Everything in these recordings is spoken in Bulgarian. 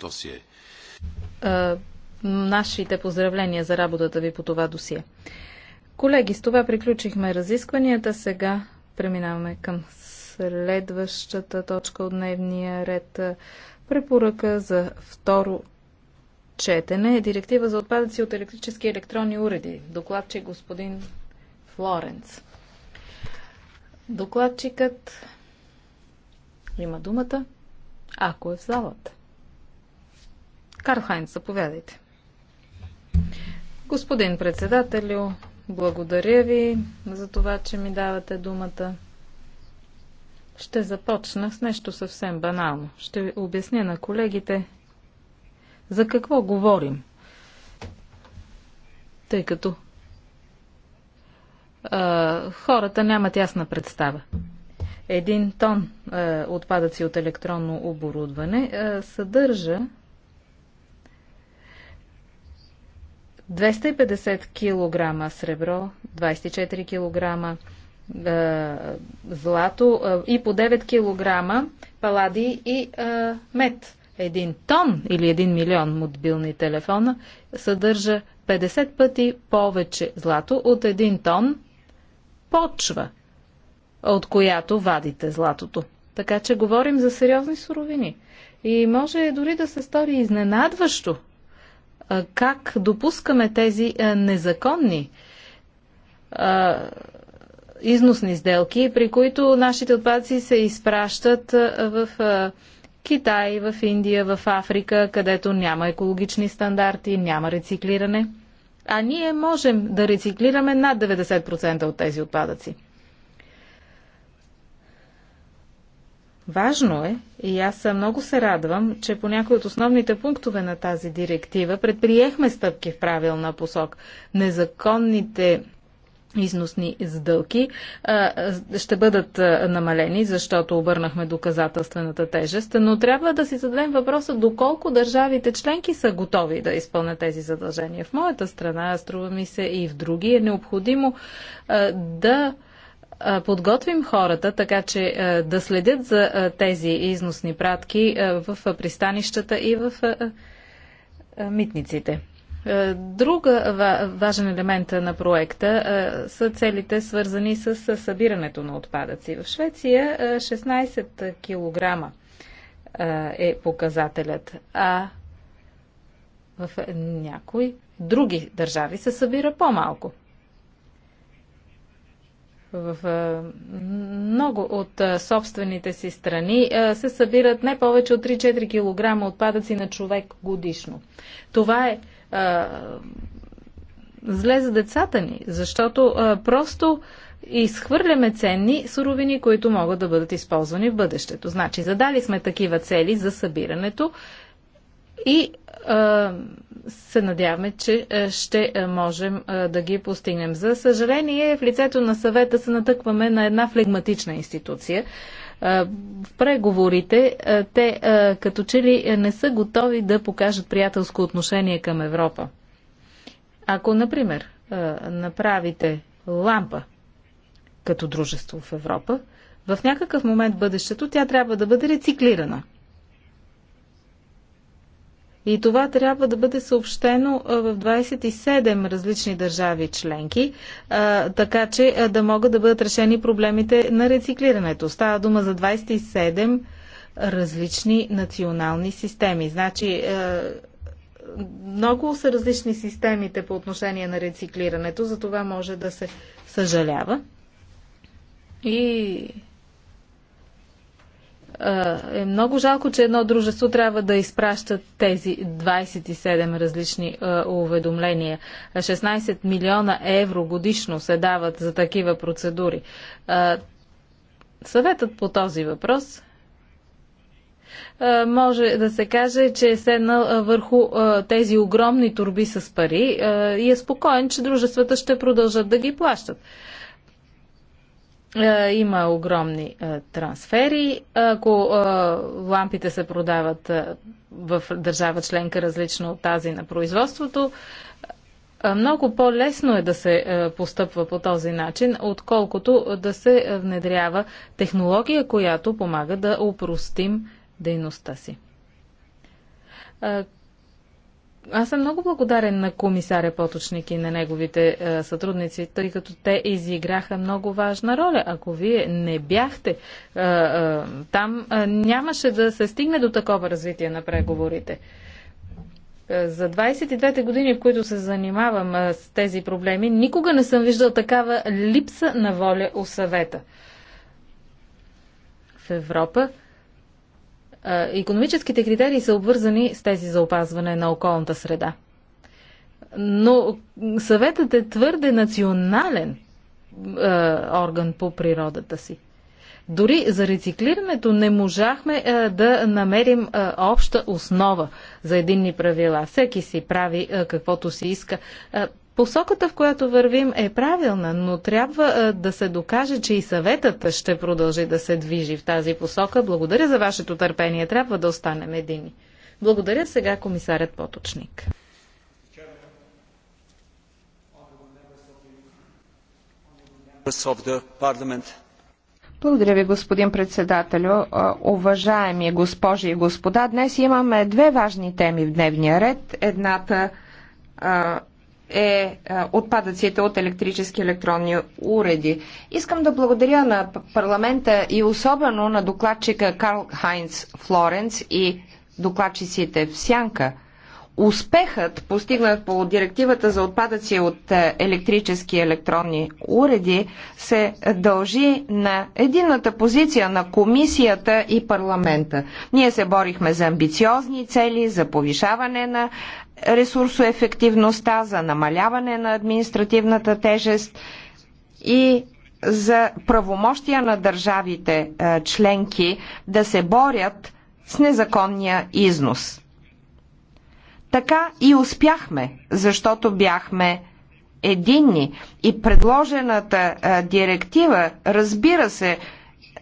досие. Нашите поздравления за работата ви по това досие. Колеги, с това приключихме разискванията. Сега преминаваме към следващата точка от дневния ред. Препоръка за второ четене е директива за отпадъци от електрически и електронни уреди. Докладчик господин Флоренц. Докладчикът има думата, ако е в залата. Карл Хайнц, заповядайте. Господин председателю, благодаря ви за това, че ми давате думата. Ще започна с нещо съвсем банално. Ще обясня на колегите за какво говорим. Тъй като а, хората нямат ясна представа. Един тон а, отпадъци от електронно оборудване а, съдържа 250 кг сребро, 24 кг е, злато е, и по 9 кг палади и е, мед. Един тон или един милион мобилни телефона съдържа 50 пъти повече злато от един тон почва, от която вадите златото. Така че говорим за сериозни суровини. И може дори да се стори изненадващо, как допускаме тези незаконни износни сделки, при които нашите отпадъци се изпращат в Китай, в Индия, в Африка, където няма екологични стандарти, няма рециклиране. А ние можем да рециклираме над 90% от тези отпадъци. Важно е и аз много се радвам, че по някои от основните пунктове на тази директива предприехме стъпки в правилна посок. Незаконните износни сделки ще бъдат намалени, защото обърнахме доказателствената тежест, но трябва да си зададем въпроса доколко държавите членки са готови да изпълнят тези задължения. В моята страна, струва ми се и в други, е необходимо да подготвим хората, така че да следят за тези износни пратки в пристанищата и в митниците. Друг важен елемент на проекта са целите свързани с събирането на отпадъци. В Швеция 16 кг е показателят, а в някои други държави се събира по-малко в много от собствените си страни се събират не повече от 3-4 кг отпадъци на човек годишно. Това е зле за децата ни, защото просто изхвърляме ценни суровини, които могат да бъдат използвани в бъдещето. Значи, задали сме такива цели за събирането и се надяваме, че е, ще е, можем е, да ги постигнем. За съжаление, в лицето на съвета се натъкваме на една флегматична институция. В преговорите те като че ли не са готови да покажат приятелско отношение към Европа. Ако, например, направите лампа като дружество в Европа, в някакъв момент бъдещето тя трябва да бъде рециклирана – и това трябва да бъде съобщено в 27 различни държави членки, така че да могат да бъдат решени проблемите на рециклирането. Става дума за 27 различни национални системи. Значи, много са различни системите по отношение на рециклирането, за това може да се съжалява. И е много жалко, че едно дружество трябва да изпраща тези 27 различни уведомления. 16 милиона евро годишно се дават за такива процедури. съветът по този въпрос може да се каже, че е седнал върху тези огромни турби с пари и е спокоен, че дружествата ще продължат да ги плащат. Е, има огромни е, трансфери. Ако е, лампите се продават в държава членка различна от тази на производството, много по-лесно е да се постъпва по този начин, отколкото да се внедрява технология, която помага да упростим дейността си. Аз съм много благодарен на комисаря Поточник и на неговите е, сътрудници, тъй като те изиграха много важна роля. Ако вие не бяхте е, е, там, е, нямаше да се стигне до такова развитие на преговорите. Е, за 22-те години, в които се занимавам е, с тези проблеми, никога не съм виждал такава липса на воля у съвета. В Европа Економическите критерии са обвързани с тези за опазване на околната среда. Но съветът е твърде национален е, орган по природата си. Дори за рециклирането не можахме е, да намерим е, обща основа за единни правила. Всеки си прави е, каквото си иска. Е, Посоката, в която вървим, е правилна, но трябва да се докаже, че и съветът ще продължи да се движи в тази посока. Благодаря за вашето търпение. Трябва да останем едини. Благодаря сега комисарят Поточник. Благодаря ви, господин председателю. Уважаеми госпожи и господа, днес имаме две важни теми в дневния ред. Едната е, е отпадъците от електрически електронни уреди. Искам да благодаря на парламента и особено на докладчика Карл Хайнц Флоренц и докладчиците в Сянка – успехът, постигнат по директивата за отпадъци от е, електрически и електронни уреди, се дължи на единната позиция на комисията и парламента. Ние се борихме за амбициозни цели, за повишаване на ресурсоефективността, за намаляване на административната тежест и за правомощия на държавите е, членки да се борят с незаконния износ. Така и успяхме, защото бяхме единни. И предложената а, директива, разбира се,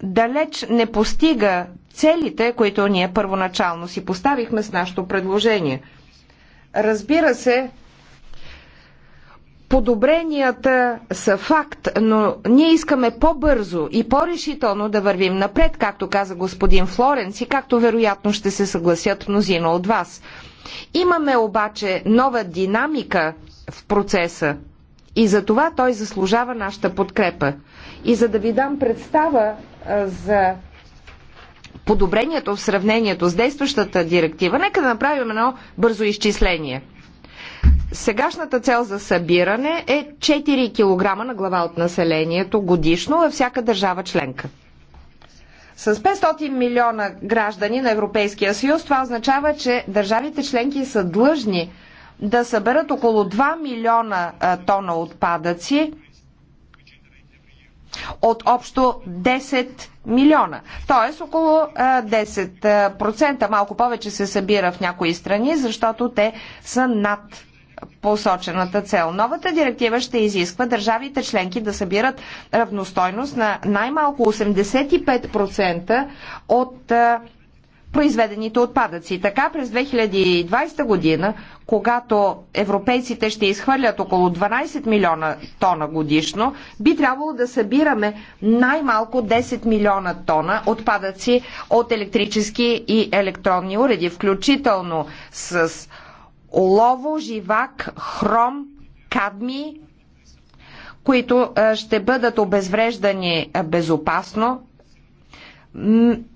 далеч не постига целите, които ние първоначално си поставихме с нашето предложение. Разбира се, подобренията са факт, но ние искаме по-бързо и по-решително да вървим напред, както каза господин Флоренс и както вероятно ще се съгласят мнозина от вас. Имаме обаче нова динамика в процеса и за това той заслужава нашата подкрепа. И за да ви дам представа за подобрението в сравнението с действащата директива, нека да направим едно бързо изчисление. Сегашната цел за събиране е 4 кг на глава от населението годишно във всяка държава членка. С 500 милиона граждани на Европейския съюз това означава, че държавите членки са длъжни да съберат около 2 милиона тона отпадъци от общо 10 милиона. Тоест около 10%, малко повече се събира в някои страни, защото те са над посочената цел. Новата директива ще изисква държавите членки да събират равностойност на най-малко 85% от произведените отпадъци. Така през 2020 година, когато европейците ще изхвърлят около 12 милиона тона годишно, би трябвало да събираме най-малко 10 милиона тона отпадъци от електрически и електронни уреди, включително с олово, живак, хром, кадми, които ще бъдат обезвреждани безопасно,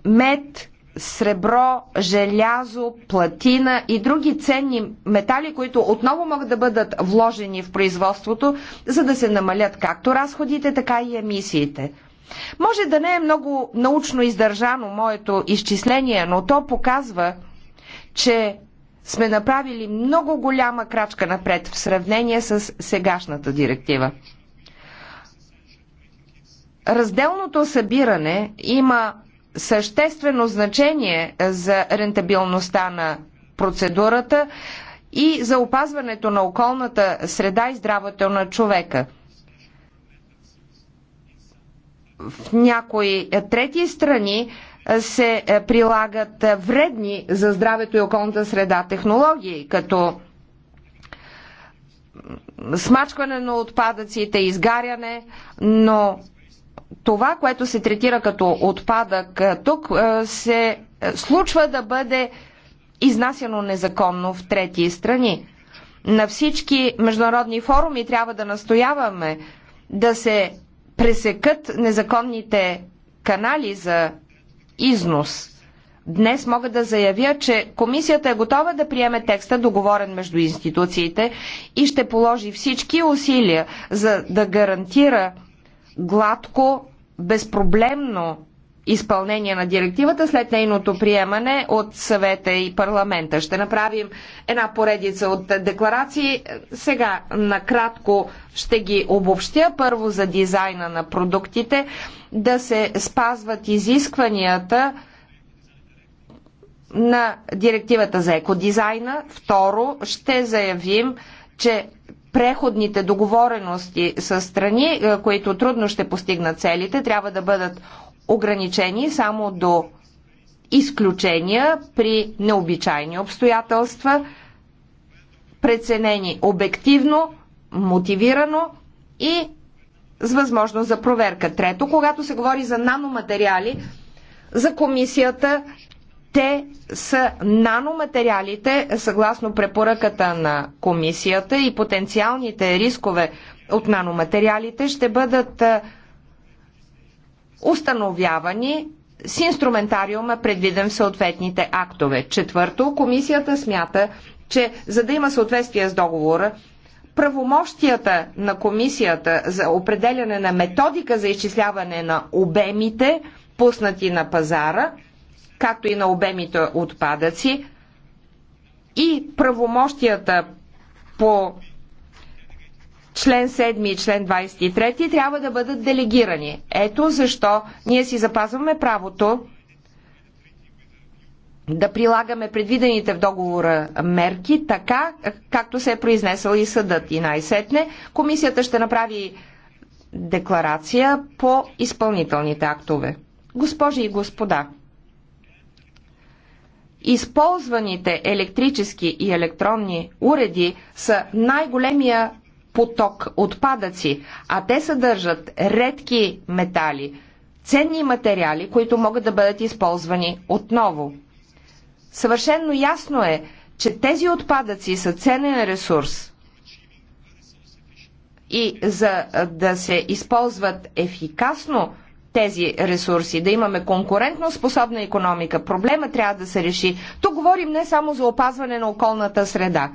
мед, сребро, желязо, платина и други ценни метали, които отново могат да бъдат вложени в производството, за да се намалят както разходите, така и емисиите. Може да не е много научно издържано моето изчисление, но то показва, че сме направили много голяма крачка напред в сравнение с сегашната директива. Разделното събиране има съществено значение за рентабилността на процедурата и за опазването на околната среда и здравето на човека. В някои трети страни се е, прилагат е, вредни за здравето и околната среда технологии, като смачкване на отпадъците, изгаряне, но това, което се третира като отпадък е, тук, се случва да бъде изнасяно незаконно в трети страни. На всички международни форуми трябва да настояваме да се пресекат незаконните канали за износ. Днес мога да заявя, че комисията е готова да приеме текста, договорен между институциите, и ще положи всички усилия, за да гарантира гладко, безпроблемно изпълнение на директивата след нейното приемане от съвета и парламента. Ще направим една поредица от декларации. Сега накратко ще ги обобщя. Първо за дизайна на продуктите да се спазват изискванията на директивата за екодизайна. Второ, ще заявим, че преходните договорености с страни, които трудно ще постигнат целите, трябва да бъдат ограничени само до изключения при необичайни обстоятелства, преценени обективно, мотивирано и с възможност за проверка. Трето, когато се говори за наноматериали, за комисията те са наноматериалите, съгласно препоръката на комисията и потенциалните рискове от наноматериалите ще бъдат установявани с инструментариума, предвиден в съответните актове. Четвърто, комисията смята, че за да има съответствие с договора, правомощията на комисията за определяне на методика за изчисляване на обемите, пуснати на пазара, както и на обемите отпадъци, и правомощията по член 7 и член 23 трябва да бъдат делегирани. Ето защо ние си запазваме правото да прилагаме предвидените в договора мерки, така както се е произнесъл и съдът. И най-сетне комисията ще направи декларация по изпълнителните актове. Госпожи и господа, използваните електрически и електронни уреди са най-големия поток отпадъци, а те съдържат редки метали, ценни материали, които могат да бъдат използвани отново. Съвършенно ясно е, че тези отпадъци са ценен ресурс и за да се използват ефикасно тези ресурси, да имаме конкурентно способна економика, проблема трябва да се реши. Тук говорим не само за опазване на околната среда,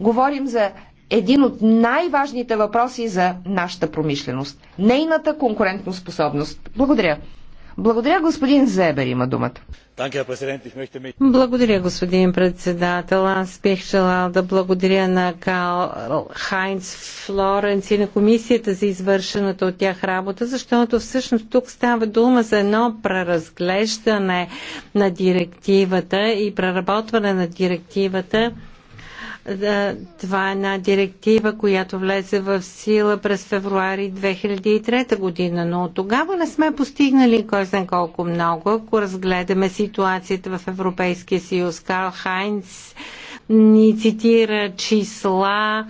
говорим за един от най-важните въпроси за нашата промишленост. Нейната способност. Благодаря. Благодаря, господин Зебер има думата. Благодаря, господин председател. Аз бих желал да благодаря на Карл Хайнц Флоренц и на комисията за извършената от тях работа, защото всъщност тук става дума за едно преразглеждане на директивата и преработване на директивата това е една директива, която влезе в сила през февруари 2003 година, но от тогава не сме постигнали кой знае колко много. Ако разгледаме ситуацията в Европейския съюз, Карл Хайнц ни цитира числа.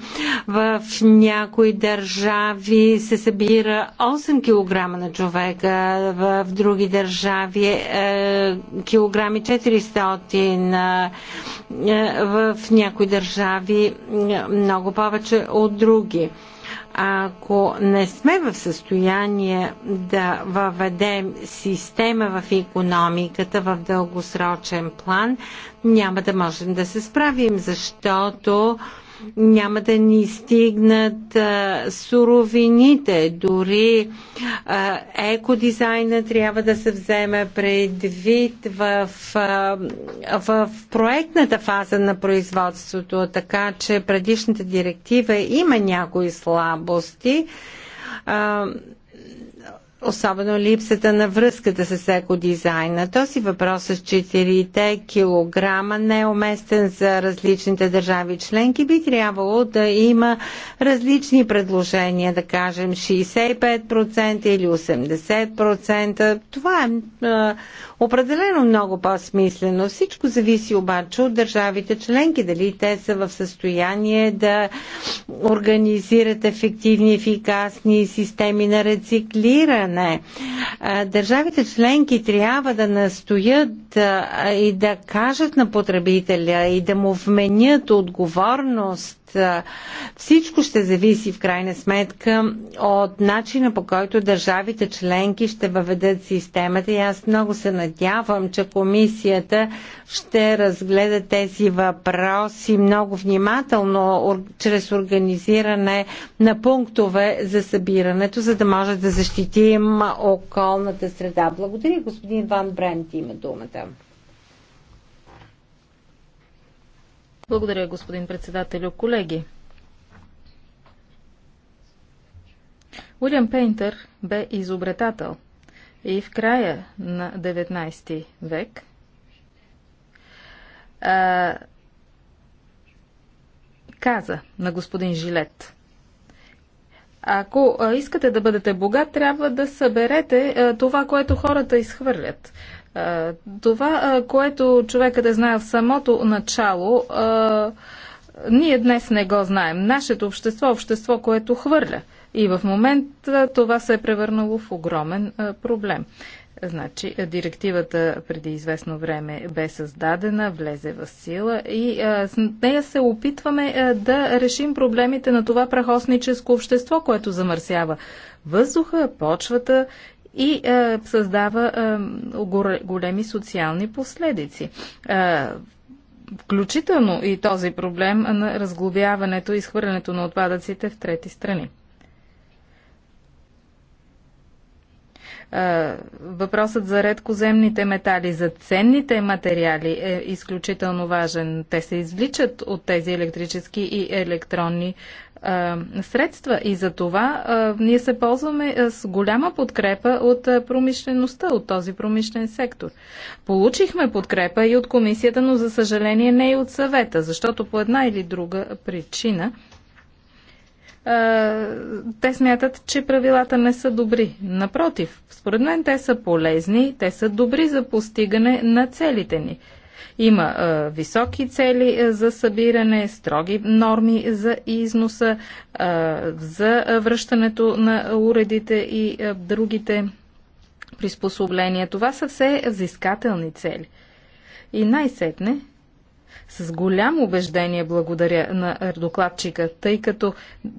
В някои държави се събира 8 кг на човека, в други държави е, килограми 400, е, е, в някои държави е, много повече от други ако не сме в състояние да въведем система в економиката в дългосрочен план, няма да можем да се справим, защото няма да ни стигнат а, суровините, дори а, екодизайна трябва да се вземе предвид в, а, в проектната фаза на производството, така че предишната директива има някои слабости. А, особено липсата на връзката с екодизайна. Този въпрос с 4 килограма не е уместен за различните държави членки. Би трябвало да има различни предложения, да кажем 65% или 80%. Това е определено много по-смислено. Всичко зависи обаче от държавите членки, дали те са в състояние да организират ефективни, ефикасни системи на рециклиране. Държавите членки трябва да настоят и да кажат на потребителя и да му вменят отговорност всичко ще зависи в крайна сметка от начина по който държавите членки ще въведат системата и аз много се надявам, че комисията ще разгледа тези въпроси много внимателно чрез организиране на пунктове за събирането, за да може да защитим околната среда. Благодаря, господин Ван Брент има думата. Благодаря, господин председателю. Колеги, Уилям Пейнтър бе изобретател и в края на 19 век а, каза на господин Жилет – ако искате да бъдете богат, трябва да съберете това, което хората изхвърлят. Това, което човекът е знаел в самото начало, ние днес не го знаем. Нашето общество е общество, което хвърля. И в момента това се е превърнало в огромен проблем. Значи, директивата преди известно време бе създадена, влезе в сила и а, с нея се опитваме а, да решим проблемите на това прахосническо общество, което замърсява въздуха, почвата и е, създава е, големи социални последици. Е, включително и този проблем на разглобяването и изхвърлянето на отпадъците в трети страни. Е, въпросът за редкоземните метали, за ценните материали е изключително важен. Те се извличат от тези електрически и електронни е, средства и за това ние се ползваме с голяма подкрепа от промишлеността, от този промишлен сектор. Получихме подкрепа и от комисията, но за съжаление не и от съвета, защото по една или друга причина те смятат, че правилата не са добри. Напротив, според мен те са полезни, те са добри за постигане на целите ни. Има а, високи цели за събиране, строги норми за износа, а, за връщането на уредите и а, другите приспособления. Това са все взискателни цели. И най-сетне с голямо убеждение благодаря на докладчика, тъй като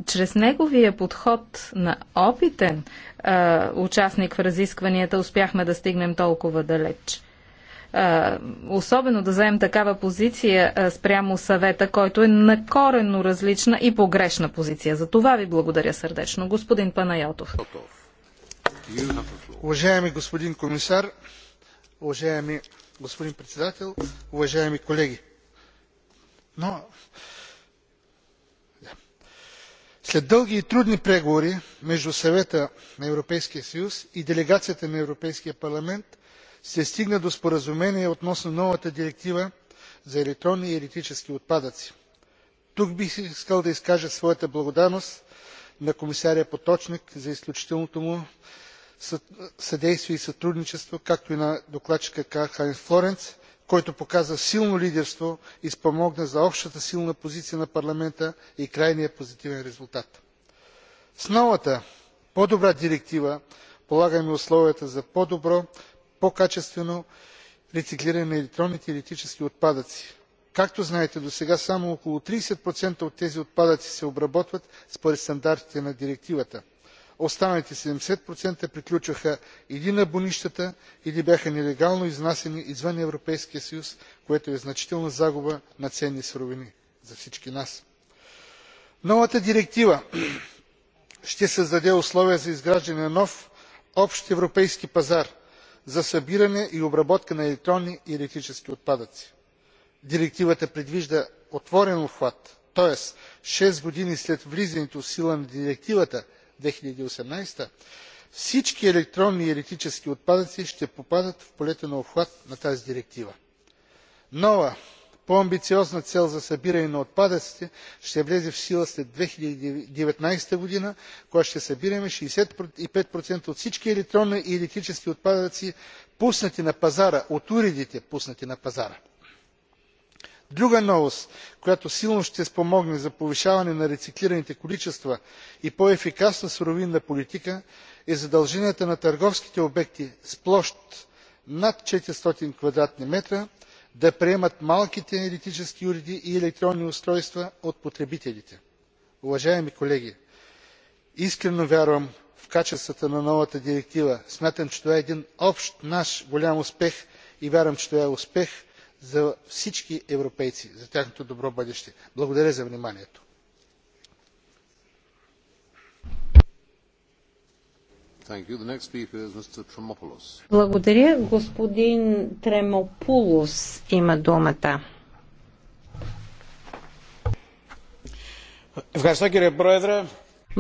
чрез неговия подход на опитен а, участник в разискванията успяхме да стигнем толкова далеч особено да вземем такава позиция спрямо съвета, който е накорено различна и погрешна позиция. За това ви благодаря сърдечно, господин Панайотов. Уважаеми господин комисар, уважаеми господин председател, уважаеми колеги. Но след дълги и трудни преговори между съвета на европейския съюз и делегацията на европейския парламент се стигна до споразумение относно новата директива за електронни и електрически отпадъци. тук бих искал да изкажа своята благодарност на комисаря поточник за изключителното му съдействие и сътрудничество както и на докладчика карл флоренц който показа силно лидерство и спомогна за общата силна позиция на парламента и крайния позитивен резултат. с новата по добра директива полагаме условията за по добро по качествено рециклиране на електронните и електрически отпадъци. както знаете досега само около тридесет от тези отпадъци се обработват според стандартите на директивата. останалите седемдесет приключваха или на бунищата или бяха нелегално изнасяни извън европейския съюз което е значителна загуба на ценни суровини за всички нас. новата директива ще създаде условия за изграждане на нов общ европейски пазар за събиране и обработка на електронни и електрически отпадъци. директивата предвижда отворен обхват тоест шест години след влизането в сила на директивата две хиляди и осемнадесета всички електронни и електрически отпадъци ще попадат в полето на обхват на тази директива. нова по амбициозна цел за събиране на отпадъците ще влезе в сила след две хиляди и деветнадесета година когато ще събираме шестдесет и пет от всички електронни и електрически отпадъци пуснати на пазара от уредите пуснати на пазара. друга новост която силно ще спомогне за повишаване на рециклираните количества и по ефикасна суровинна политика е задължението на търговските обекти с площ над четиристотин квадратни метра да приемат малките енергетически уреди и електронни устройства от потребителите. уважаеми колеги искрено вярвам в качествата на новата директива. смятам че това е един общ наш голям успех и вярвам че това е успех за всички европейци за тяхното добро бъдеще. благодаря за вниманието. Благодаря. Господин Тремопулос има думата.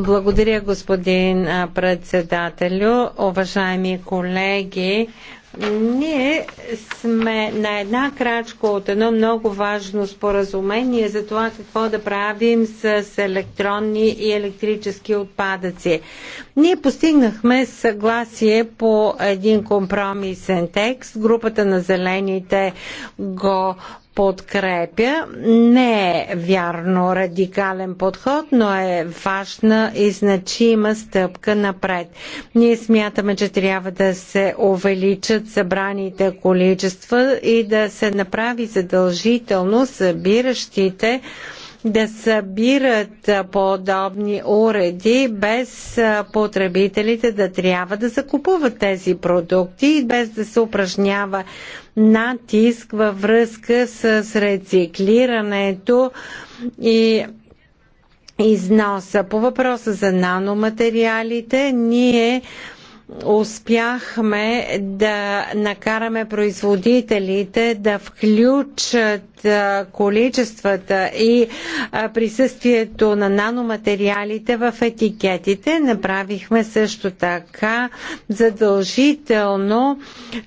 Благодаря, господин председателю. Уважаеми колеги, ние сме на една крачка от едно много важно споразумение за това какво да правим с електронни и електрически отпадъци. Ние постигнахме съгласие по един компромисен текст. Групата на зелените го подкрепя. Не е вярно радикален подход, но е важна и значима стъпка напред. Ние смятаме, че трябва да се увеличат събраните количества и да се направи задължително събиращите да събират подобни уреди, без потребителите да трябва да закупуват тези продукти и без да се упражнява натиск във връзка с рециклирането и износа. По въпроса за наноматериалите, ние успяхме да накараме производителите да включат количествата и присъствието на наноматериалите в етикетите. Направихме също така задължително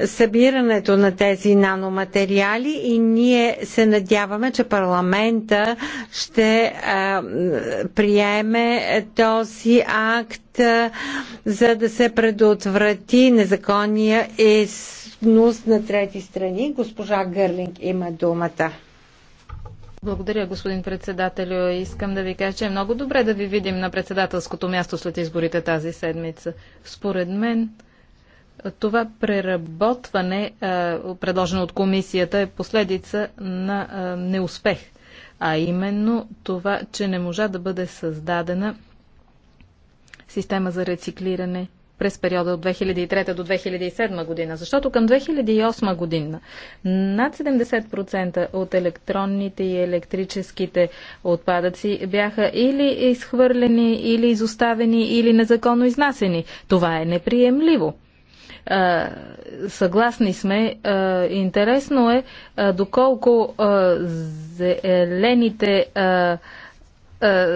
събирането на тези наноматериали и ние се надяваме, че парламента ще приеме този акт за да се предотврати незаконния износ на трети страни. Госпожа Гърлинг има думата. Благодаря, господин председател, Искам да ви кажа, че е много добре да ви видим на председателското място след изборите тази седмица. Според мен, това преработване, предложено от комисията, е последица на неуспех. А именно това, че не можа да бъде създадена система за рециклиране през периода от 2003 до 2007 година, защото към 2008 година над 70% от електронните и електрическите отпадъци бяха или изхвърлени, или изоставени, или незаконно изнасени. Това е неприемливо. Съгласни сме. Интересно е доколко зелените е,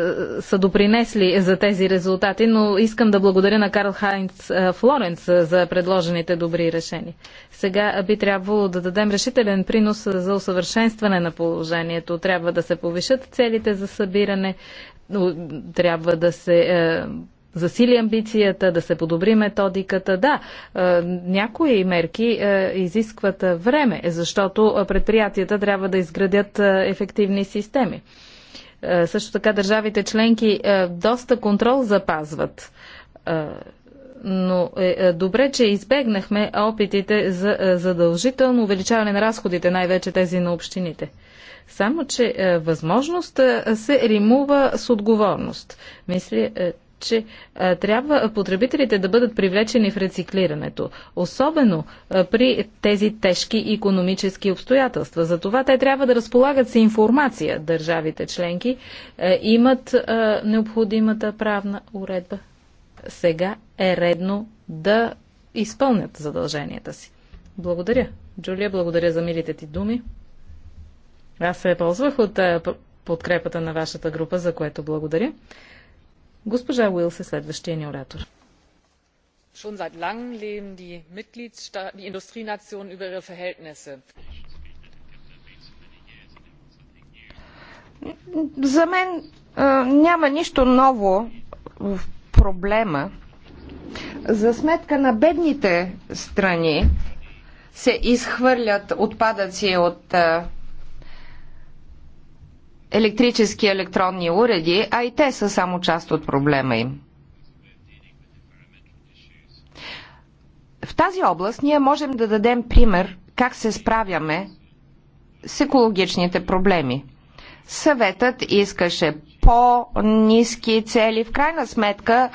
са допринесли за тези резултати, но искам да благодаря на Карл Хайнц е, Флоренц за предложените добри решения. Сега би трябвало да дадем решителен принос за усъвършенстване на положението. Трябва да се повишат целите за събиране, трябва да се е, засили амбицията, да се подобри методиката. Да, някои мерки изискват време, защото предприятията трябва да изградят ефективни системи. Е, също така държавите членки е, доста контрол запазват е, но е добре, че избегнахме опитите за задължително увеличаване на разходите, най-вече тези на общините. Само, че възможност се римува с отговорност. Мисля, че а, трябва потребителите да бъдат привлечени в рециклирането, особено а, при тези тежки економически обстоятелства. За това те трябва да разполагат с информация. Държавите членки а, имат а, необходимата правна уредба. Сега е редно да изпълнят задълженията си. Благодаря. Джулия, благодаря за милите ти думи. Аз се ползвах от подкрепата на вашата група, за което благодаря. Госпожа Уилс е следващия ни оратор. Schon seit langem leben die, die Industrienationen über ihre Verhältnisse. За мен а, няма нищо ново в проблема. За сметка на бедните страни се изхвърлят отпадъци от а, електрически електронни уреди, а и те са само част от проблема им. В тази област ние можем да дадем пример как се справяме с екологичните проблеми. Съветът искаше по-низки цели. В крайна сметка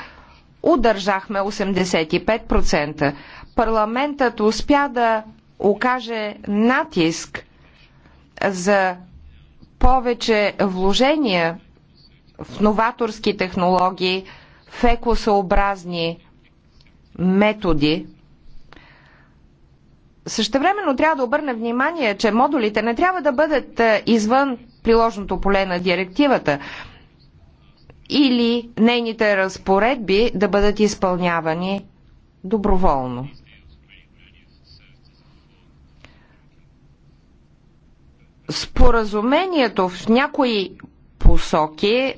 удържахме 85%. Парламентът успя да окаже натиск за повече вложения в новаторски технологии, в екосъобразни методи. Същевременно трябва да обърне внимание, че модулите не трябва да бъдат е, извън приложното поле на директивата или нейните разпоредби да бъдат изпълнявани доброволно. споразумението в някои посоки е,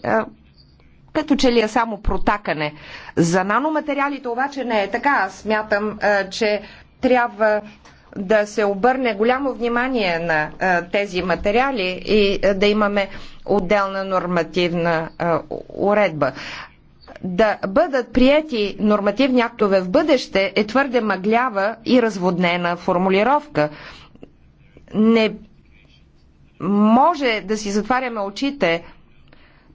като че ли е само протакане. За наноматериалите обаче не е така. Аз смятам, е, че трябва да се обърне голямо внимание на е, тези материали и да имаме отделна нормативна уредба. Да бъдат прияти нормативни актове в бъдеще е твърде мъглява и разводнена формулировка. Не може да си затваряме очите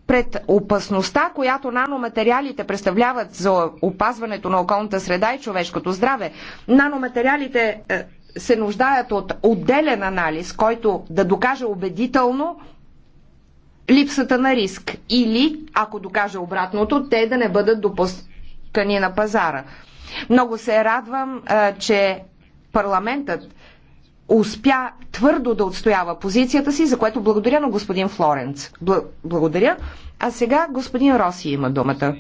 пред опасността, която наноматериалите представляват за опазването на околната среда и човешкото здраве. Наноматериалите е, се нуждаят от отделен анализ, който да докаже убедително липсата на риск или, ако докаже обратното, те да не бъдат допускани на пазара. Много се радвам, е, че парламентът успя твърдо да отстоява позицията си, за което благодаря на господин Флоренц. благодаря. А сега господин Роси има думата.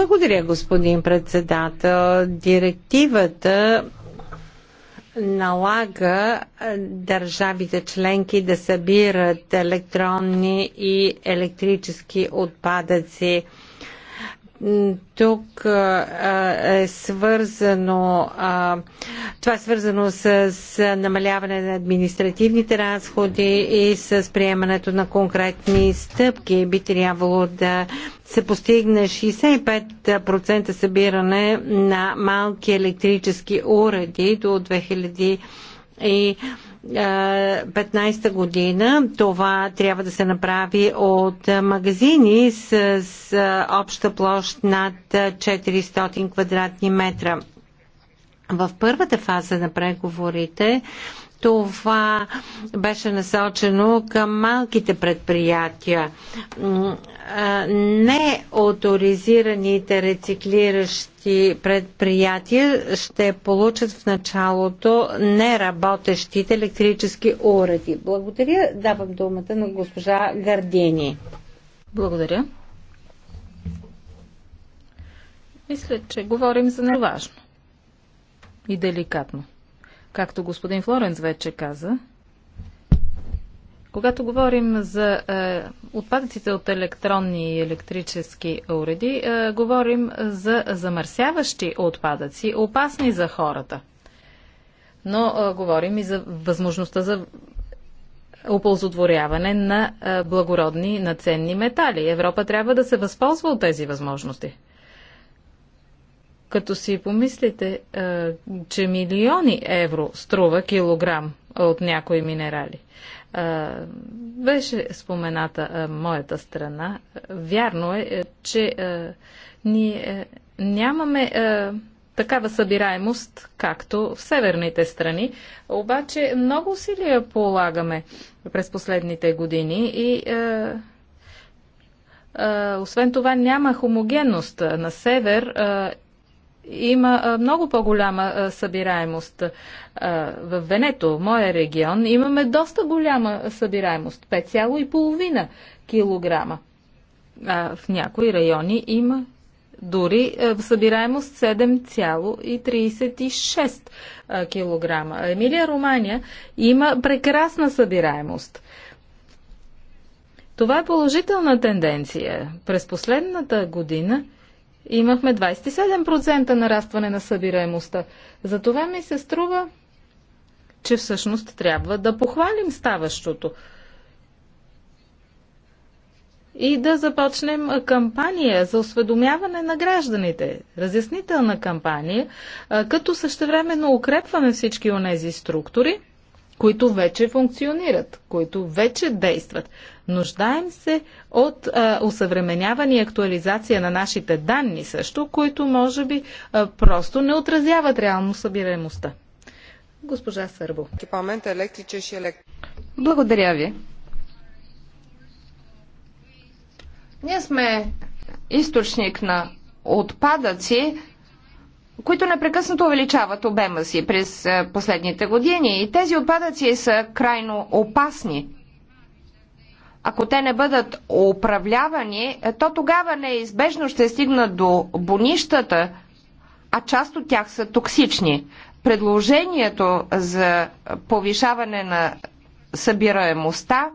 Благодаря, господин председател. Директивата налага държавите членки да събират електронни и електрически отпадъци тук е свързано, това е свързано с намаляване на административните разходи и с приемането на конкретни стъпки. Би трябвало да се постигне 65% събиране на малки електрически уреди до 2000 и 2015 година това трябва да се направи от магазини с, с обща площ над 400 квадратни метра. В първата фаза на преговорите това беше насочено към малките предприятия. Не авторизираните рециклиращи предприятия ще получат в началото неработещите електрически уреди. Благодаря. Давам думата на госпожа Гардини. Благодаря. Мисля, че говорим за неважно и деликатно. Както господин Флоренц вече каза, когато говорим за е, отпадъците от електронни и електрически уреди, е, говорим за замърсяващи отпадъци, опасни за хората. Но е, говорим и за възможността за оползотворяване на е, благородни, наценни метали. Европа трябва да се възползва от тези възможности. Като си помислите, че милиони евро струва килограм от някои минерали. Беше спомената моята страна. Вярно е, е че ние е, нямаме такава събираемост, както в северните страни. Обаче много усилия полагаме през последните години и е, е, освен това няма хомогенност. На север е, има много по-голяма събираемост. В Венето, моя регион, имаме доста голяма събираемост 5,5 килограма. в някои райони има дори събираемост 7,36 кг. Емилия Романия има прекрасна събираемост. Това е положителна тенденция. През последната година имахме 27% нарастване на събираемостта. Затова ми се струва, че всъщност трябва да похвалим ставащото и да започнем кампания за осведомяване на гражданите, разяснителна кампания, като същевременно укрепваме всички онези структури – които вече функционират, които вече действат. Нуждаем се от а, усъвременяване и актуализация на нашите данни също, които може би а, просто не отразяват реално събираемостта. Госпожа Сърбо. Благодаря ви. Ние сме източник на отпадъци, които непрекъснато увеличават обема си през е, последните години. И тези отпадъци са крайно опасни. Ако те не бъдат управлявани, е, то тогава неизбежно ще стигнат до бонищата, а част от тях са токсични. Предложението за повишаване на събираемостта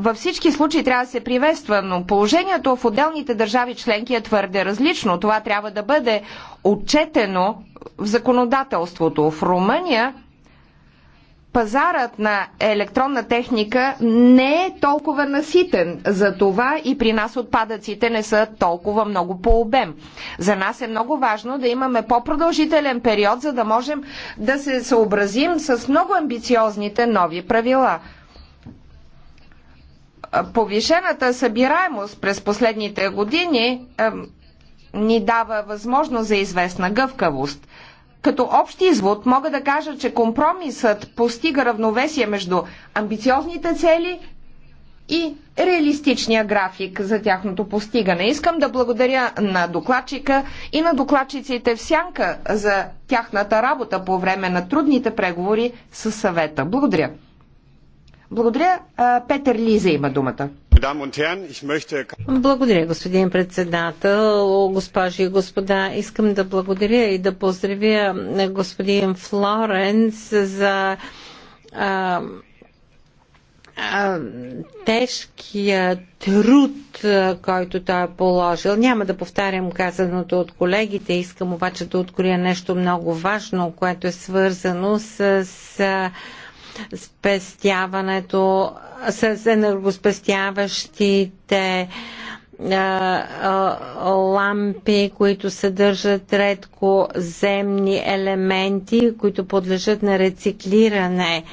във всички случаи трябва да се приветства, но положението в отделните държави членки е твърде различно. Това трябва да бъде отчетено в законодателството. В Румъния пазарът на електронна техника не е толкова наситен. Затова и при нас отпадъците не са толкова много по обем. За нас е много важно да имаме по-продължителен период, за да можем да се съобразим с много амбициозните нови правила. Повишената събираемост през последните години ни дава възможност за известна гъвкавост. Като общ извод мога да кажа, че компромисът постига равновесие между амбициозните цели и реалистичния график за тяхното постигане. Искам да благодаря на докладчика и на докладчиците в Сянка за тяхната работа по време на трудните преговори с съвета. Благодаря. Благодаря. Петър Лиза има думата. Е благодаря, господин председател, госпожи и господа. Искам да благодаря и да поздравя господин Флоренс за а, тежкия труд, който той е положил. Няма да повтарям казаното от колегите, искам обаче да откоря нещо много важно, което е свързано с, с спестяването, с енергоспестяващите лампи, които съдържат редко земни елементи, които подлежат на рециклиране.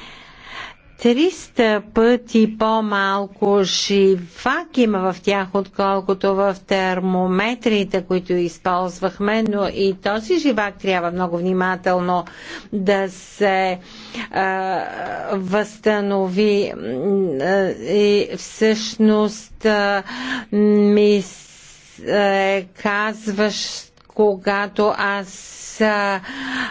300 пъти по-малко шифак има в тях, отколкото в термометрите, които използвахме, но и този живак трябва много внимателно да се а, възстанови. И всъщност а, ми се казваш когато аз а,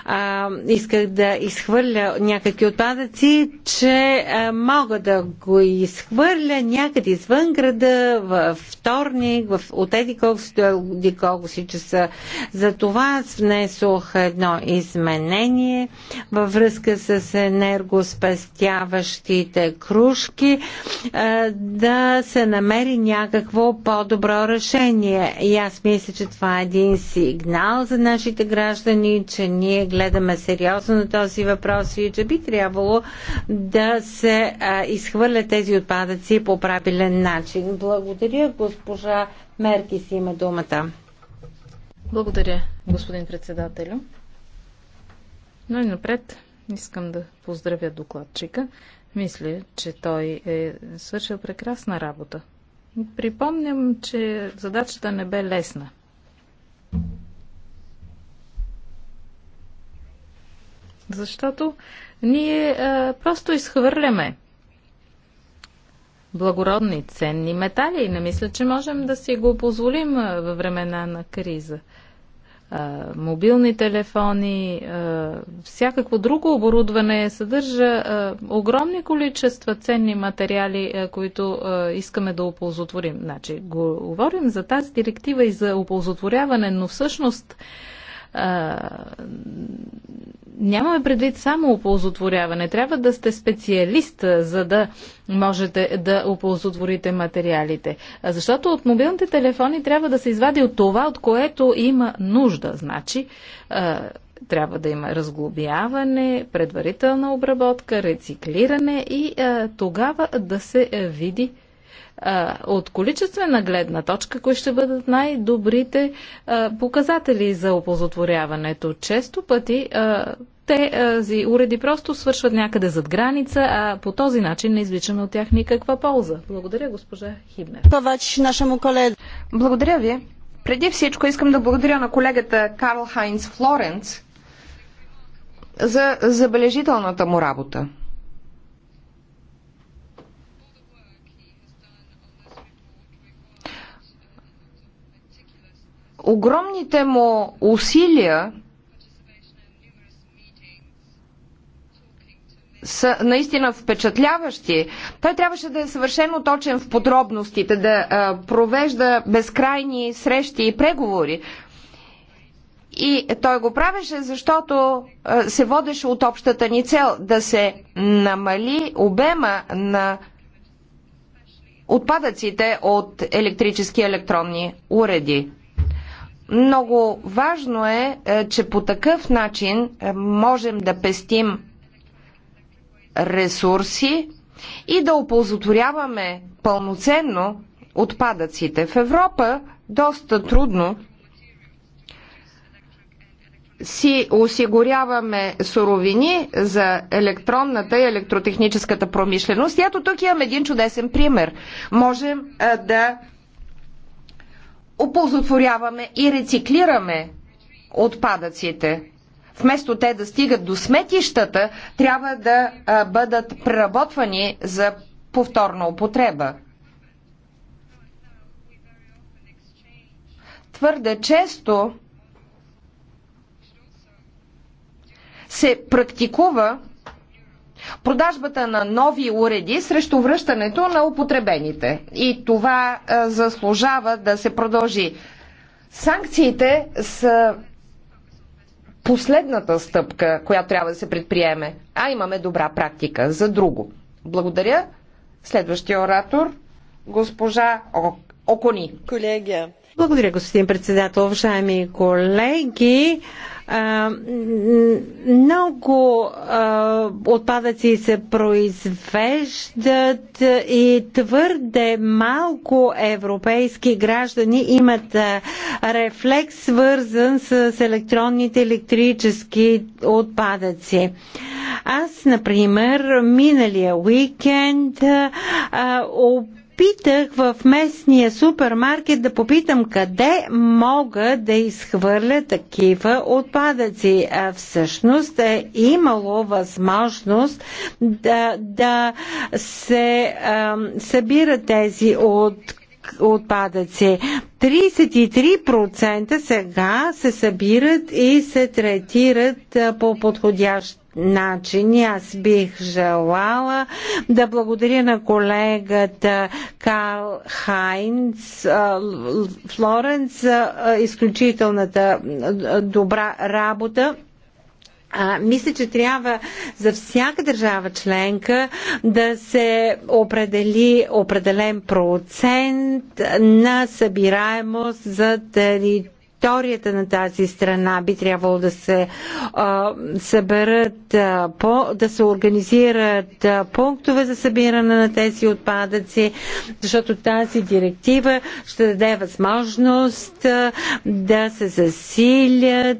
а, исках да изхвърля някакви отпадъци, че а, мога да го изхвърля някъде извън града, във вторник, в, отеди колко си отеди колко си часа. За това аз внесох едно изменение във връзка с енергоспестяващите кружки, а, да се намери някакво по-добро решение. И аз мисля, че това е един си сигнал за нашите граждани, че ние гледаме сериозно на този въпрос и че би трябвало да се а, изхвърлят тези отпадъци по правилен начин. Благодаря, госпожа Мерки си има думата. Благодаря, господин председателю. Най-напред искам да поздравя докладчика. Мисля, че той е свършил прекрасна работа. Припомням, че задачата не бе лесна. Защото ние а, просто изхвърляме благородни, ценни метали и не мисля, че можем да си го позволим във времена на криза. А, мобилни телефони, а, всякакво друго оборудване съдържа а, огромни количества ценни материали, а, които а, искаме да оползотворим. Значи, говорим за тази директива и за оползотворяване, но всъщност а, а, нямаме предвид само оползотворяване. Трябва да сте специалист, за да можете да оползотворите материалите. Защото от мобилните телефони трябва да се извади от това, от което има нужда. Значи, а, трябва да има разглобяване, предварителна обработка, рециклиране и а, тогава да се види от количествена гледна точка, кои ще бъдат най-добрите показатели за опозотворяването. Често пъти тези уреди просто свършват някъде зад граница, а по този начин не извличаме от тях никаква полза. Благодаря, госпожа Хибнер. Благодаря ви. Преди всичко искам да благодаря на колегата Карл Хайнц Флоренц за забележителната му работа. огромните му усилия са наистина впечатляващи. Той трябваше да е съвършено точен в подробностите, да а, провежда безкрайни срещи и преговори. И той го правеше, защото а, се водеше от общата ни цел да се намали обема на отпадъците от електрически електронни уреди. Много важно е, е, че по такъв начин е, можем да пестим ресурси и да оползотворяваме пълноценно отпадъците. В Европа доста трудно си осигуряваме суровини за електронната и електротехническата промишленост. Ето тук имам един чудесен пример. Можем а, е, да оползотворяваме и рециклираме отпадъците. Вместо те да стигат до сметищата, трябва да бъдат преработвани за повторна употреба. Твърде често се практикува продажбата на нови уреди срещу връщането на употребените. И това е, заслужава да се продължи. Санкциите са последната стъпка, която трябва да се предприеме, а имаме добра практика за друго. Благодаря. Следващия оратор, госпожа Окони. Колегия. Благодаря, господин председател. Уважаеми колеги, много отпадъци се произвеждат и твърде малко европейски граждани имат рефлекс, свързан с електронните електрически отпадъци. Аз, например, миналия уикенд Питах в местния супермаркет да попитам къде мога да изхвърля такива отпадъци. А всъщност е имало възможност да, да се а, събират тези от отпадъци. 33% сега се събират и се третират по подходящ начини. Аз бих желала да благодаря на колегата Карл Хайнц Флоренц за изключителната добра работа. А, мисля, че трябва за всяка държава членка да се определи определен процент на събираемост за територията територията на тази страна би трябвало да се а, съберат, а, по, да се организират а, пунктове за събиране на тези отпадъци, защото тази директива ще даде възможност а, да се засилят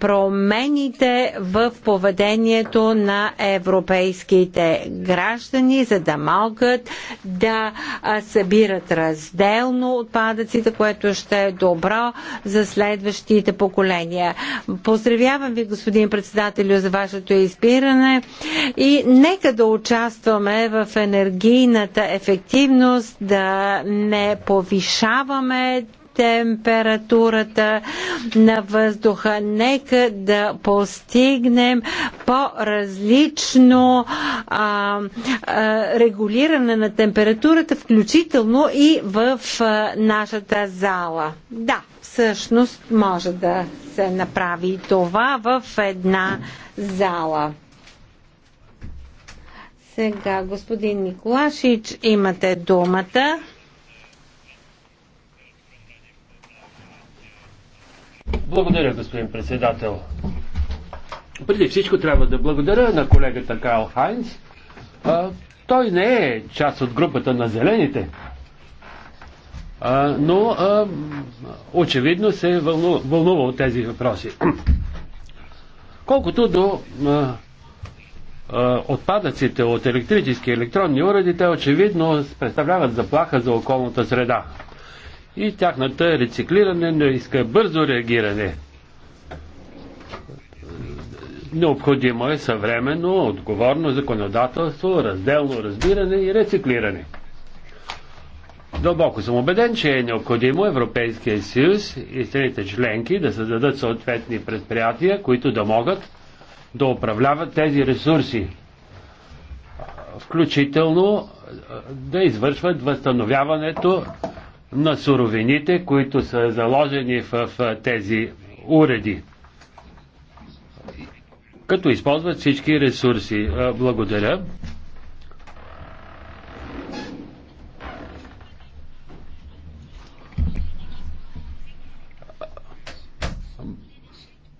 промените в поведението на европейските граждани, за да могат да събират разделно отпадъците, което ще е добро за следващите поколения. Поздравявам ви, господин председателю, за вашето избиране и нека да участваме в енергийната ефективност, да не повишаваме температурата на въздуха. Нека да постигнем по-различно регулиране на температурата, включително и в а, нашата зала. Да, всъщност може да се направи това в една зала. Сега, господин Николашич, имате думата. Благодаря, господин председател. Преди всичко трябва да благодаря на колегата Карл Хайнс. А, той не е част от групата на зелените, а, но а, очевидно се е вълну, вълнува от тези въпроси. Колкото до а, а, отпадъците от електрически и електронни уреди, те очевидно представляват заплаха за околната среда и тяхната рециклиране иска бързо реагиране. Необходимо е съвременно, отговорно законодателство, разделно разбиране и рециклиране. Дълбоко съм убеден, че е необходимо Европейския съюз и страните членки да създадат съответни предприятия, които да могат да управляват тези ресурси. Включително да извършват възстановяването на суровините, които са заложени в тези уреди, като използват всички ресурси. Благодаря.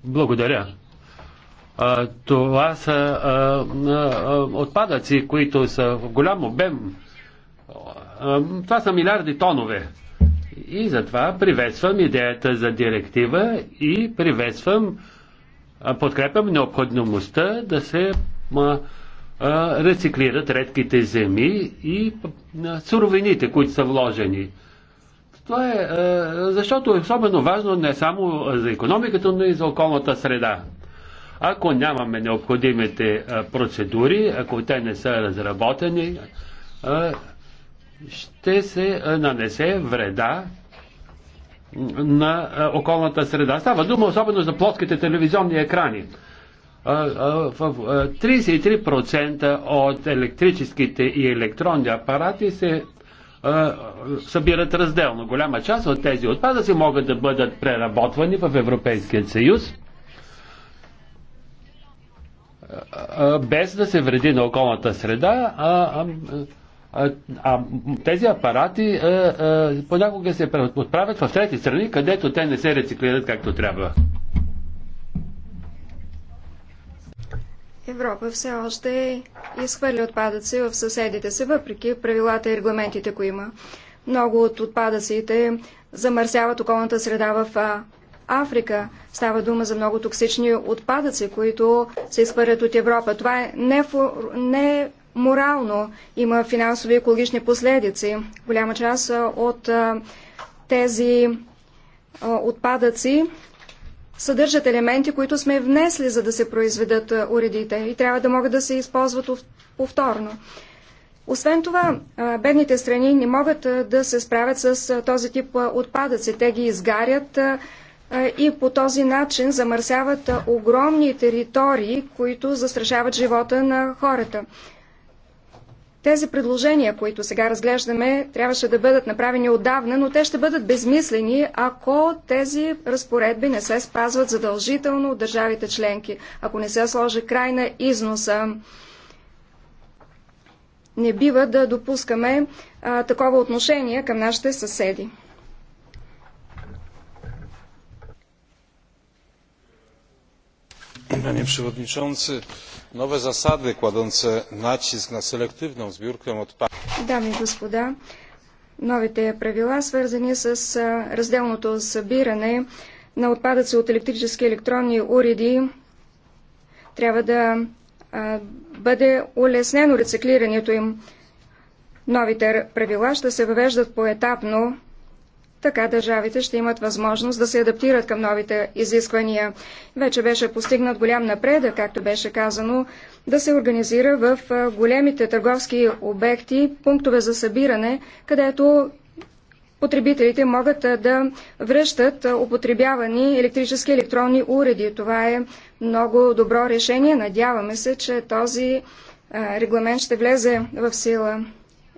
Благодаря. Това са отпадъци, които са в голям обем това са милиарди тонове. И затова приветствам идеята за директива и приветствам, подкрепям необходимостта да се рециклират редките земи и суровините, които са вложени. Това е, защото е особено важно не само за економиката, но и за околната среда. Ако нямаме необходимите процедури, ако те не са разработени, ще се нанесе вреда на околната среда. Става дума особено за плоските телевизионни екрани. 33% от електрическите и електронни апарати се събират разделно. Голяма част от тези отпадъци могат да бъдат преработвани в Европейския съюз без да се вреди на околната среда, а, а, а, тези апарати а, е, а, е, понякога се отправят в трети страни, където те не се рециклират както трябва. Европа все още изхвърля отпадъци в съседите си, въпреки правилата и регламентите, които има. Много от отпадъците замърсяват околната среда в Африка. Става дума за много токсични отпадъци, които се изхвърлят от Европа. Това е не, не морално. Има финансови и екологични последици. Голяма част от тези отпадъци съдържат елементи, които сме внесли, за да се произведат уредите и трябва да могат да се използват повторно. Освен това, бедните страни не могат да се справят с този тип отпадъци. Те ги изгарят и по този начин замърсяват огромни територии, които застрашават живота на хората. Тези предложения, които сега разглеждаме, трябваше да бъдат направени отдавна, но те ще бъдат безмислени, ако тези разпоредби не се спазват задължително от държавите членки, ако не се сложи край на износа. Не бива да допускаме а, такова отношение към нашите съседи. Panie Przewodniczący, nowe zasady kładące nacisk na selektywną zbiórkę odpadów. Дами и господа, новите правила, свързани с разделното събиране на отпадъци от електрически и електронни уреди, трябва да бъде улеснено рециклирането им. Новите правила ще се въвеждат поетапно така държавите ще имат възможност да се адаптират към новите изисквания. Вече беше постигнат голям напредък, както беше казано, да се организира в големите търговски обекти пунктове за събиране, където потребителите могат да връщат употребявани електрически електронни уреди. Това е много добро решение. Надяваме се, че този регламент ще влезе в сила.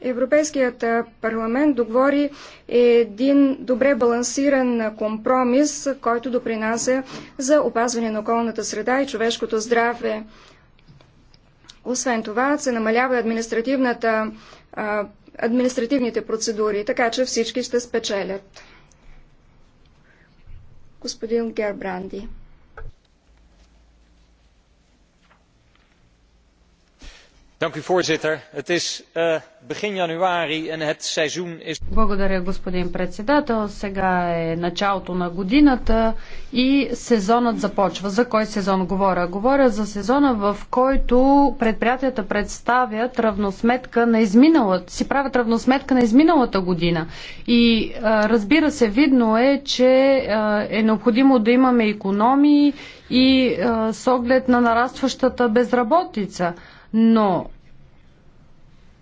Европейският парламент договори един добре балансиран компромис, който допринася за опазване на околната среда и човешкото здраве. Освен това, се намалява административната, административните процедури, така че всички ще спечелят. Господин Гербранди. Благодаря, господин председател. Сега е началото на годината и сезонът започва. За кой сезон говоря? Говоря за сезона, в който предприятията представят равносметка на изминалата, си правят равносметка на изминалата година. И разбира се, видно е, че е необходимо да имаме економии и с оглед на нарастващата безработица но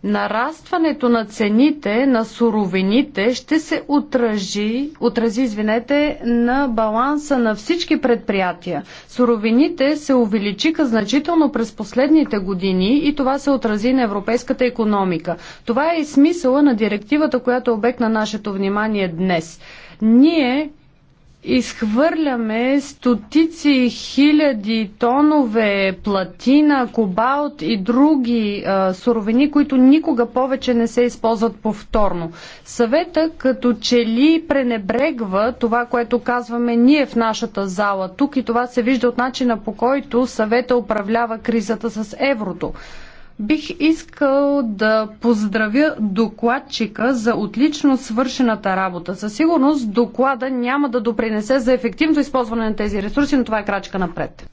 нарастването на цените на суровините ще се отражи, отрази извинете, на баланса на всички предприятия. Суровините се увеличиха значително през последните години и това се отрази на европейската економика. Това е и смисъла на директивата, която е обект на нашето внимание днес. Ние изхвърляме стотици хиляди тонове платина, кобалт и други а, суровини, които никога повече не се използват повторно. Съвета като че ли пренебрегва това, което казваме ние в нашата зала тук и това се вижда от начина по който съвета управлява кризата с еврото. Бих искал да поздравя докладчика за отлично свършената работа. Със сигурност доклада няма да допринесе за ефективното използване на тези ресурси, но това е крачка напред.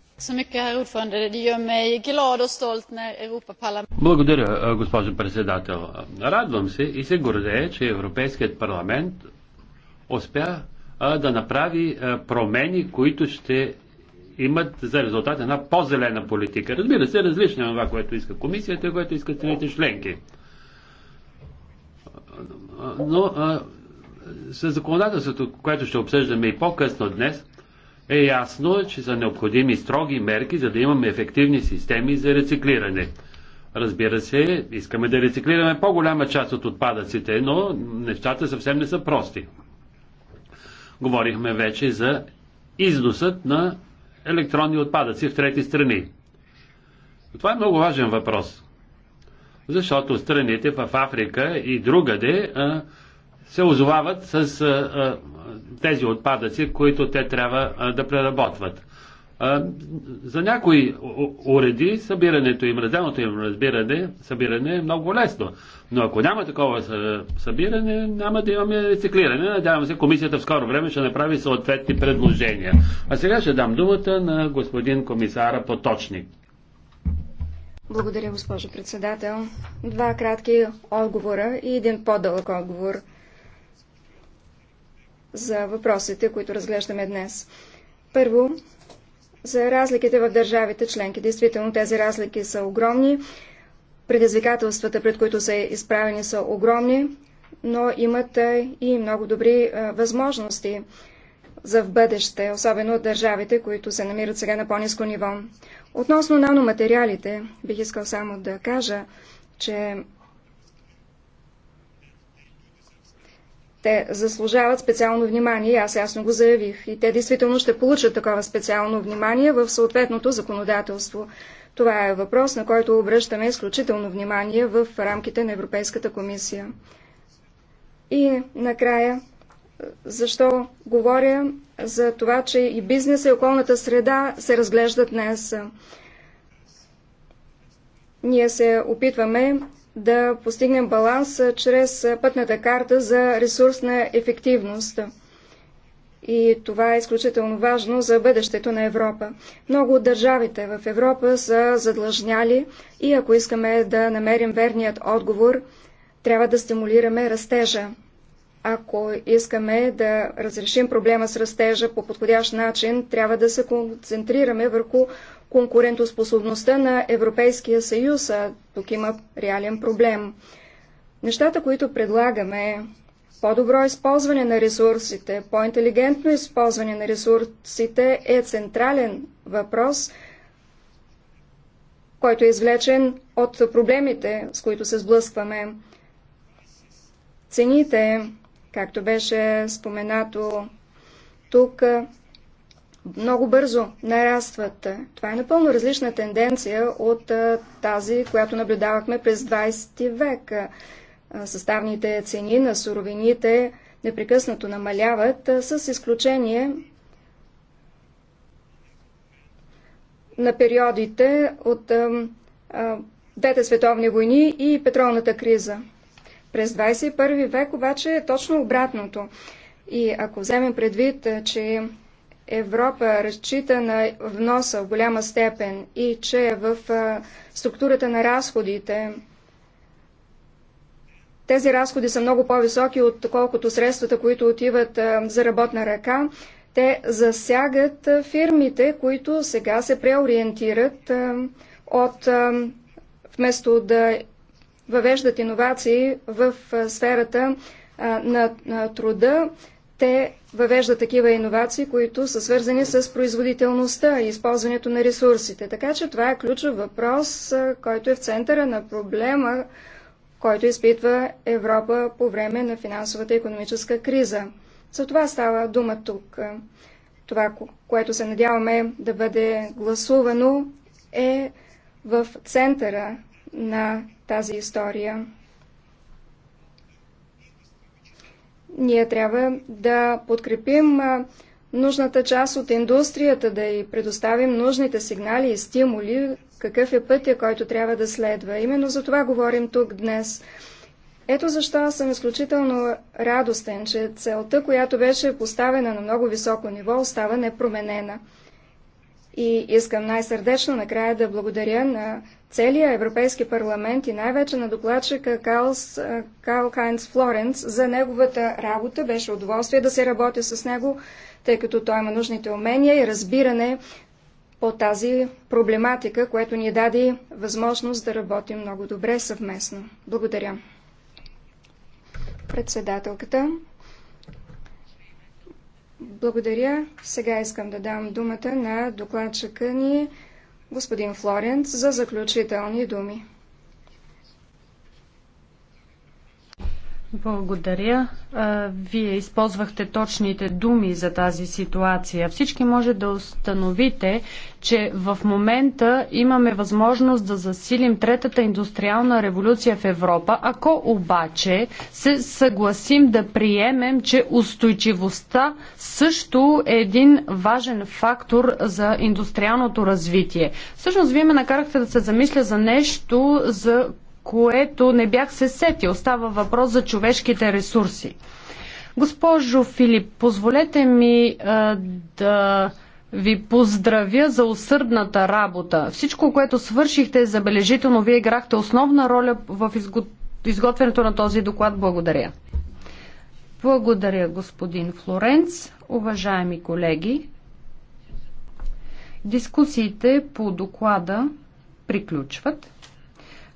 Благодаря, госпожо председател. Радвам се и се гордея, че Европейският парламент успя да направи промени, които ще имат за резултат една по-зелена политика. Разбира се, различно е това, което иска комисията и което иска страните членки. Но със с законодателството, което ще обсъждаме и по-късно днес, е ясно, че са необходими строги мерки, за да имаме ефективни системи за рециклиране. Разбира се, искаме да рециклираме по-голяма част от отпадъците, но нещата съвсем не са прости. Говорихме вече за износът на електронни отпадъци в трети страни. Това е много важен въпрос, защото страните в Африка и другаде се озовават с тези отпадъци, които те трябва да преработват. За някои уреди събирането им, разделното им разбиране, събиране е много лесно. Но ако няма такова събиране, няма да имаме рециклиране. Надявам се, комисията в скоро време ще направи съответни предложения. А сега ще дам думата на господин комисара Поточник. Благодаря, госпожо председател. Два кратки отговора и един по-дълъг отговор за въпросите, които разглеждаме днес. Първо, за разликите в държавите членки. Действително тези разлики са огромни. Предизвикателствата, пред които са изправени, са огромни, но имат и много добри възможности за в бъдеще, особено от държавите, които се намират сега на по-низко ниво. Относно наноматериалите, бих искал само да кажа, че Те заслужават специално внимание, аз ясно го заявих. И те действително ще получат такова специално внимание в съответното законодателство. Това е въпрос, на който обръщаме изключително внимание в рамките на Европейската комисия. И накрая, защо говоря за това, че и бизнес и околната среда се разглеждат днес. Ние се опитваме да постигнем баланс чрез пътната карта за ресурсна ефективност. И това е изключително важно за бъдещето на Европа. Много от държавите в Европа са задлъжняли и ако искаме да намерим верният отговор, трябва да стимулираме растежа. Ако искаме да разрешим проблема с растежа по подходящ начин, трябва да се концентрираме върху конкурентоспособността на Европейския съюз. А тук има реален проблем. Нещата, които предлагаме, по-добро използване на ресурсите, по-интелигентно използване на ресурсите е централен въпрос, който е извлечен от проблемите, с които се сблъскваме. Цените, както беше споменато тук, много бързо нарастват. Това е напълно различна тенденция от тази, която наблюдавахме през 20 век. Съставните цени на суровините непрекъснато намаляват, с изключение на периодите от двете световни войни и петролната криза. През 21 век обаче е точно обратното. И ако вземем предвид, че Европа разчита на вноса в голяма степен и че е в структурата на разходите тези разходи са много по-високи, отколкото средствата, които отиват за работна ръка. Те засягат фирмите, които сега се преориентират от вместо да въвеждат иновации в сферата на труда, те въвеждат такива иновации, които са свързани с производителността и използването на ресурсите. Така че това е ключов въпрос, който е в центъра на проблема, който изпитва Европа по време на финансовата и економическа криза. За това става дума тук. Това, което се надяваме да бъде гласувано, е в центъра на тази история. Ние трябва да подкрепим нужната част от индустрията, да й предоставим нужните сигнали и стимули, какъв е пътя, който трябва да следва. Именно за това говорим тук днес. Ето защо аз съм изключително радостен, че целта, която беше поставена на много високо ниво, остава непроменена. И искам най-сърдечно накрая да благодаря на целия Европейски парламент и най-вече на докладчика Карл Хайнц Флоренц за неговата работа. Беше удоволствие да се работи с него, тъй като той има нужните умения и разбиране по тази проблематика, което ни даде възможност да работим много добре съвместно. Благодаря. Председателката благодаря. Сега искам да дам думата на докладчика ни господин Флоренц за заключителни думи. Благодаря. Вие използвахте точните думи за тази ситуация. Всички може да установите, че в момента имаме възможност да засилим третата индустриална революция в Европа, ако обаче се съгласим да приемем, че устойчивостта също е един важен фактор за индустриалното развитие. Всъщност, вие ме накарахте да се замисля за нещо, за което не бях се сетил. Става въпрос за човешките ресурси. Госпожо Филип, позволете ми а, да ви поздравя за усърдната работа. Всичко, което свършихте е забележително. Вие играхте основна роля в изго... изготвянето на този доклад. Благодаря. Благодаря, господин Флоренц. Уважаеми колеги, дискусиите по доклада приключват.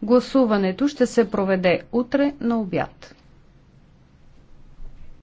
Гласуването ще се проведе утре на обяд.